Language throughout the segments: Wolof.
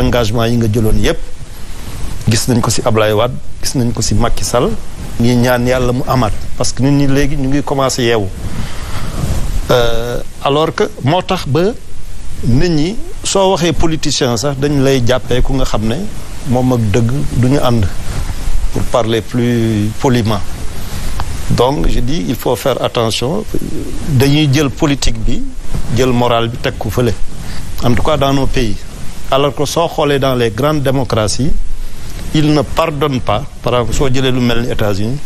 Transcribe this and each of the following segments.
engagement yi nga jëloon yépp gis nañ ko ci Ablaye Wade gis nañ ko ci Macky sal ngi ñaan yàlla mu amaat parce que nit ñi léegi ñu ngi commencé yeewu euh, alors que moo tax ba nit ñi soo waxee politicien sax dañ lay jàppee ku nga xam ne moom ak dëgg du ñu ànd pour parler plus poliment donc je di il faut faire attention dañuy jël politique bi jël morale bi teg ko fële en tout pays alors que soo xoolee dans les grandes démocraties ils ne pardonnent pas par exemple soo jëlee lu mel ni États-Unis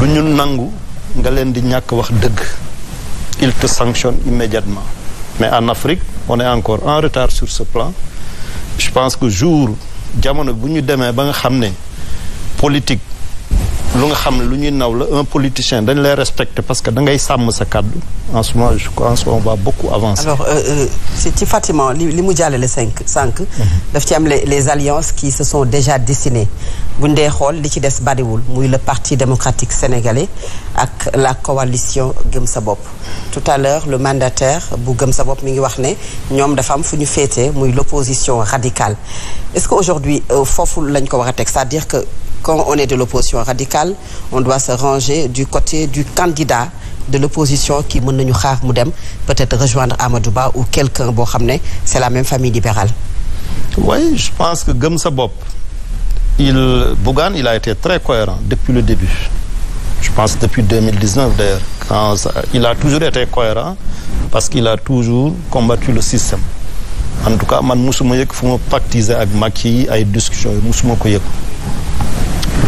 du ñu nangu nga leen di ñàkk wax dëgg ils te sanctionnent immédiatement mais en Afrique on est encore en retard sur ce plan je pense que jour jamono bu ñu demee ba nga xam ne politique lu nga xam ne lu ñuy naw la un politicien dañ lay respecter parce que dangay sàmm sa kàddu en ce moment je on va beaucoup avancer. Euh, euh, ci ci li mu jàllale cinq cinq. Mhm. daf ci am les alliances qui se sont déjà bu buñ dee xool li ci des bariwul muy le parti démocratique sénégalais ak la coalition Gëm sa bopp. tout à l'heure le mandataire bu Gëm sa bopp mi ngi wax ne ñoom dafa am fu ñu féetee muy l'opposition radicale est-ce que aujourd'hui euh, foofu lañ ko wax a teg c'est-à-dire que. quand on est de l'opposition radicale on doit côté du candidat de l'opposition qui mën nañu xaar mu dem peut-être rejoindre Amadou Ba ou quelqu'un boo xam ne c'est la même famille libérale oui je pense que gëm sa bopp il Bougane il a très cohérent depuis le début je pense depuis 2019 d'ailleurs quand ça, il a toujours été cohérent parce qu'il a toujours combattu système en tout cas man musuma yëg fu ma pactiser ak Macky ay discussions yi ko yëg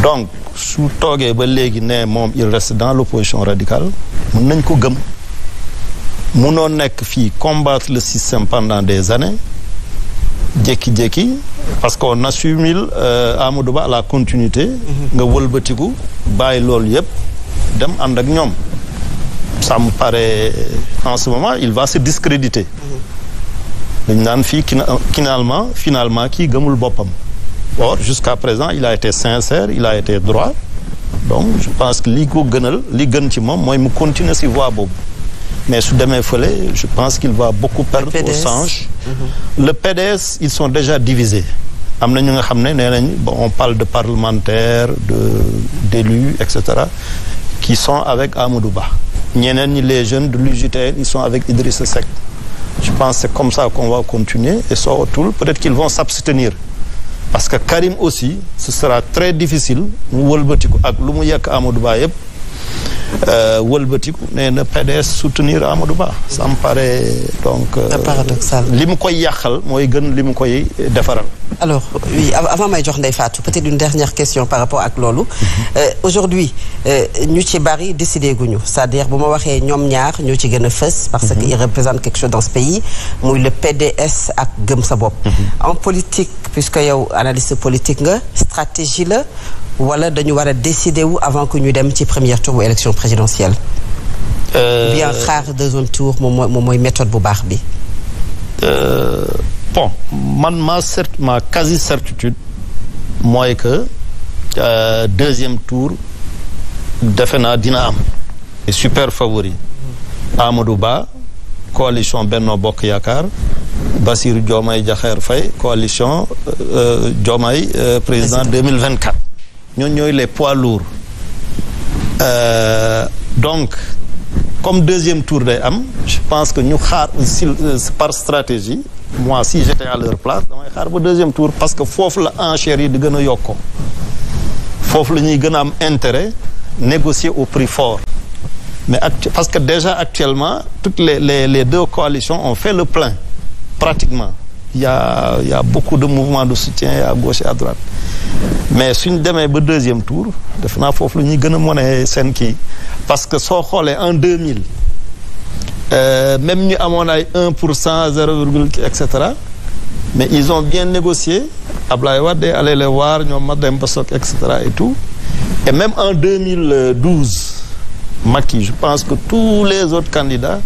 donc su toogee ba léegi ne moom il reste dans l'opposition radicale mën nañ ko gëm munoo nekk fii combattre le système pendant des années jékki-jékki parce que on mille euh, Amadou Ba à la continuité mhm. nga wëlbatiku bàyyi loolu yëpp dem ànd ak ñoom ça me paraît en ce moment il va se discréditer mhm. dañ naan fii finalement finalement kii gëmul boppam or jusqu'à présent il a été sincère il a été droit donc je pense que li ko gënal li gën ci moom mooy mu continuer si voie boobu mais su demee fële je pense qu'il va beaucoup perdre au change mm-hmm. le PDS ils sont déjà divisés am na ñu nga xam ne nee nañ on parle de parlementaires de d'élus et cetera qui sont avec Amadou Ba ñeneen ñi les jeunes de l'UJTL ils sont avec Idrissa sec je pense c'est comme ça qu'on va continuer et sootul peut-être qu'ils vont s'abstenir parce que Karim aussi ce sera très difficile mu wëlbatiku ak lu mu yekk Amadou Ba yëpp euh, wëlbatiku nee na PDS soutenir Amadou Ba ça me paraît donc euh, paradoxal li mu koy yàqal mooy gën li mu koy defaral alors oui avant may jox Ndeye Fatou peut du une dernière question par rapport ak loolu mhm. euh, aujourd'hui ñu ci bari décidé guñu c'est-à-dire bu ma waxee ñoom ñaar ñoo ci gën a fës parce que mhm. ils représentent quelque chose dans ce pays muy le PDS ak gëm sa bopp mhm. en politique que yow analyste politique nga stratégie la wala dañu war a décider wu avant que ñu dem ci première tour bu élection présidentielle. Euh, bien xaar deuxième tour moom mooy moom mooy méthode bu baax bi. Euh, bon man ma cert ma quasi certitude mooy que euh, deuxième tour defe naa dina am. super favori. Amadou Ba coalition Benno Bokk Yaakaar. Bassirou Diomaye Diakhar Faye coalition euh, euh, Diomaye euh, président 2024 ñooñu ñooy les poids lourds donc comme deuxième tour day am je pense que ñu xaar si par stratégie moi si j'étais à leur place damay xaar ba deuxième tour parce que foofu la enchères yi di gën a yokkoo foofu la ñuy gën a am intérêt négocier au prix fort mais parce que déjà actuellement toutes les les les deux coalitions ont fait le plein pratiquement yaa a a beaucoup de mouvements de soutien à gauche et droite mais suñ demee ba deuxième tour def naa foofu la ñuy gën a mone seen kii parce que soo xoolee en 2000 euh, même ñu amoon ay un pour cent zéro virgule et cetera mais ils ont bien négocié Ablaye Wade allé les voir ñoom Mademba Sock et cetera et tout et même en 2012 Macky je pense que tous les autres candidats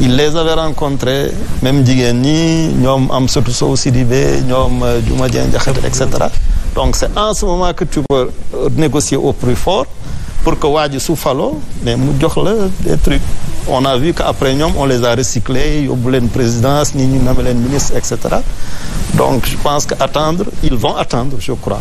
il les avait rencontrés même jigéen ñi ñoom am surtout Sow Sidibé ñoom euh, Diouma Dieng Diakhaté et cetera donc c' est en ce moment que tu peux négocier au prix fort pour que waa ji su mais mu jox la des trucs on a vu que après ñoom on les a recyclés yóbbu leen présidence ñi ñu name leen ministre et cetera donc je pense que attendre ils vont attendre je crois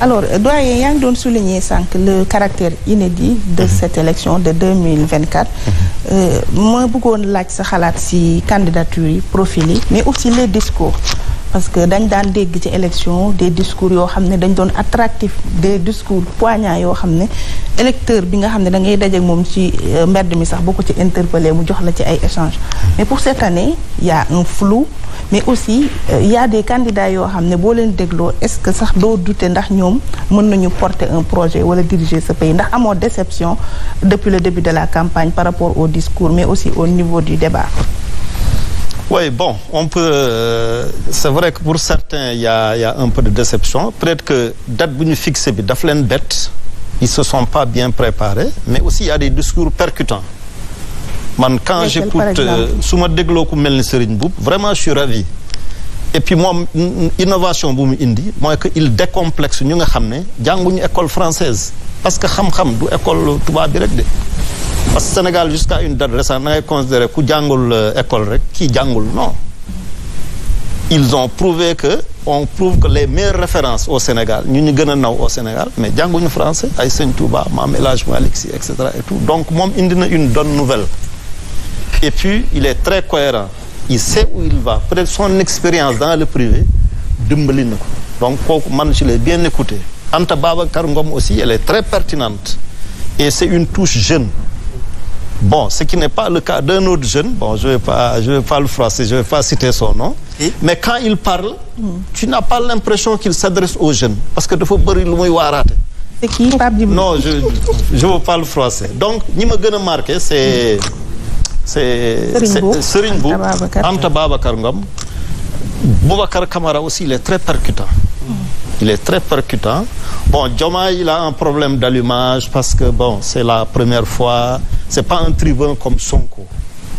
alors euh, doyen yaa ngi doon souligner sànq le caractère inédit de mhm. cette élection de deux mille vingt quatre mhm. euh, ma bëggoon laaj sa xalaat ci candidature yi profil yi mais aussi les discours parce que dañ daan dégg ci élection des discours yoo xam ne dañ doon attractif des discours poignants yoo xam ne électeur bi nga xam ne da ngay dajeek moom ci euh, mbedd mi sax boo ko ci interpellé mu jox la ci ay échange mais pour cet année y a un mais aussi euh, yaa a des candidats yoo xam ne boo leen dégloo est-ce que sax doo douter ndax ñoom mën nañu porte un projet wala diriger sa pays ndax amoo déception depuis le début de la campagne par rapport au discours mais aussi au niveau du débat Oui, bon, on peut. Euh, c'est vrai que pour certains, il y, y a, un peu de déception. Peut-être que date fixe fixée, d'Aflen bête, ils ne se sont pas bien préparés, mais aussi il y a des discours percutants. Man, quand j'écoute euh, Souma Degloku Melni Serine Boub, vraiment je suis ravi. Et puis moi, innovation mu Indi, moi qu'il décomplexe, ne jàngu ñu école française. Parce que Ham Ham, du école, tu de parce que Sénégal jusqu'à une date récente da ngay considérer ku jàngul euh, école rek kii jàngul non ils ont prouvé que on prouve que les meilleures au Sénégal ñu ñu gën a naw au Sénégal mais jànguñu français ay Sëñ Touba Maam El Hadj Malick Sy et cetera et tout donc moom indi na une donne nouvelle et puis il est très cohérent il sait où il va peut-être son expérience dans le privé dimbali na ko donc kooku man je l'ai bien écouté Anta Babacar Ngom aussi elle est très pertinente et une touche jeune Bon, ce qui n'est pas le cas d'un autre jeune, bon, je ne vais, pas, je vais citer son nom, oui. mais quand il parle, mm. tu n'as pas l'impression qu'il s'adresse aux jeunes, parce que dafa bëri lu muy waaraate. C'est qui Non, je je vous parle français. Donc, ñi ma gën a marqué, c'est c'est Serigne Bou, Anta Babacar Ngom. Boubacar Kamara aussi, il est très percutant. Mm. Il est très percutant. Bon, Diomaye, il a un problème d'allumage parce que, bon, c'est la première fois. c'est pas un tribun comme Sonko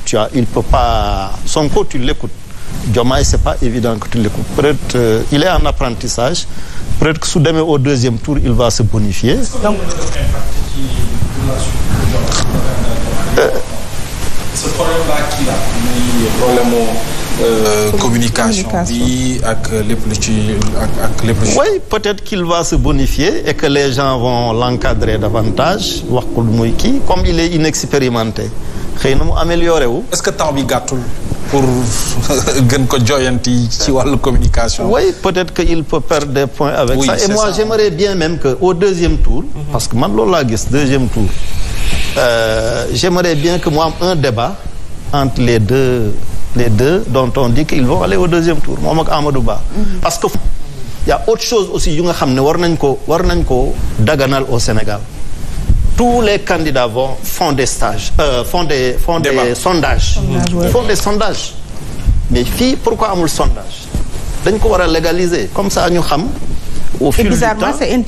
tu as il peut pas Sonko tu l'écoutes Diomaye c'est pas évident que tu l'écoutes peut-être euh, il est en apprentissage peut-être que su demee au deuxième tour il va se bonifier euh, Euh, communication bi ak lépp lu ci ak ak lépp ci. peut-être qu'il va se bonifier et que les gens vont l'encadrer davantage wax ko lu muy kii comme il est inexpérimenté xëy na mu amélioré wu. est-ce que temps bi gàttul. pour gën ko joyanti ci wàllu communication. oui peut-être que il peut perdre des points avec oui, ça et moi j'aimerais bien même que au deuxième tour. Mhm. parce que man loolu laa gis deuxième tour. Euh, bien que mu am un débat entre les deux. les deux dont on dit qu'ils vont aller au deuxième tour moom ak Amadou Ba. Mhm. parce que y a autre chose aussi yu nga xam ne war nañ ko war nañ ko daganal au Sénégal tous les candidats vont font des stages euh, des font des Débat. sondages Sondage, font ouais. des sondages mais fii pourquoi amul sondage dañ ko war a comme ça ñu xam au fil du temps